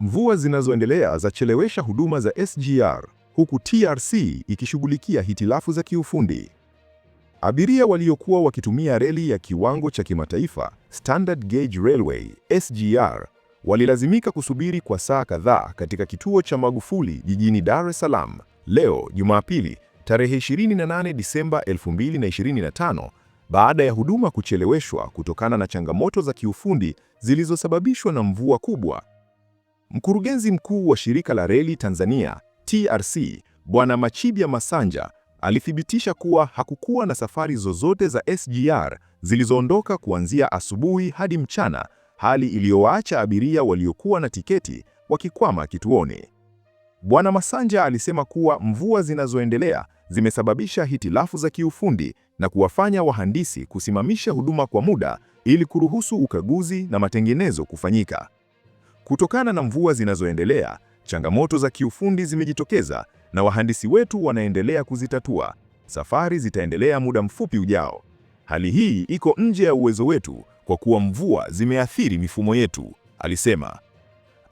Mvua zinazoendelea zachelewesha huduma za SGR huku TRC ikishughulikia hitilafu za kiufundi. Abiria waliokuwa wakitumia reli ya kiwango cha kimataifa Standard Gauge Railway SGR walilazimika kusubiri kwa saa kadhaa katika kituo cha Magufuli jijini Dar es Salaam leo Jumapili tarehe 28 Disemba 2025 baada ya huduma kucheleweshwa kutokana na changamoto za kiufundi zilizosababishwa na mvua kubwa Mkurugenzi mkuu wa shirika la reli Tanzania TRC Bwana Machibya Masanja alithibitisha kuwa hakukuwa na safari zozote za SGR zilizoondoka kuanzia asubuhi hadi mchana, hali iliyowaacha abiria waliokuwa na tiketi wakikwama kituoni. Bwana Masanja alisema kuwa mvua zinazoendelea zimesababisha hitilafu za kiufundi na kuwafanya wahandisi kusimamisha huduma kwa muda ili kuruhusu ukaguzi na matengenezo kufanyika. Kutokana na mvua zinazoendelea, changamoto za kiufundi zimejitokeza na wahandisi wetu wanaendelea kuzitatua. Safari zitaendelea muda mfupi ujao. Hali hii iko nje ya uwezo wetu kwa kuwa mvua zimeathiri mifumo yetu, alisema.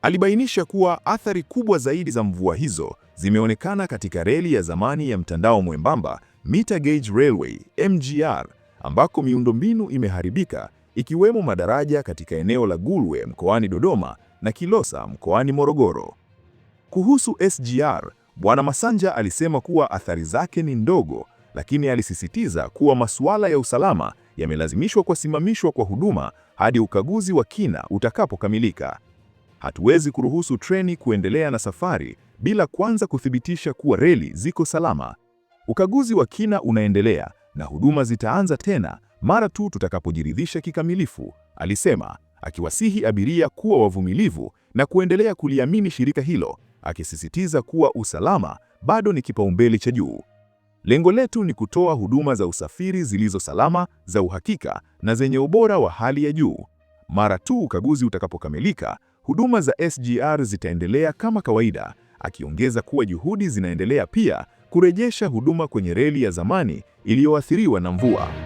Alibainisha kuwa athari kubwa zaidi za mvua hizo zimeonekana katika reli ya zamani ya mtandao mwembamba Meter Gauge Railway MGR, ambako miundombinu imeharibika ikiwemo madaraja katika eneo la Gulwe mkoani Dodoma na Kilosa mkoani Morogoro. Kuhusu SGR, Bwana Masanja alisema kuwa athari zake ni ndogo, lakini alisisitiza kuwa masuala ya usalama yamelazimishwa kusimamishwa kwa huduma hadi ukaguzi wa kina utakapokamilika. Hatuwezi kuruhusu treni kuendelea na safari bila kwanza kuthibitisha kuwa reli ziko salama. Ukaguzi wa kina unaendelea na huduma zitaanza tena mara tu tutakapojiridhisha kikamilifu, alisema akiwasihi abiria kuwa wavumilivu na kuendelea kuliamini shirika hilo, akisisitiza kuwa usalama bado ni kipaumbele cha juu. Lengo letu ni kutoa huduma za usafiri zilizo salama, za uhakika na zenye ubora wa hali ya juu. Mara tu ukaguzi utakapokamilika, huduma za SGR zitaendelea kama kawaida, akiongeza kuwa juhudi zinaendelea pia kurejesha huduma kwenye reli ya zamani iliyoathiriwa na mvua.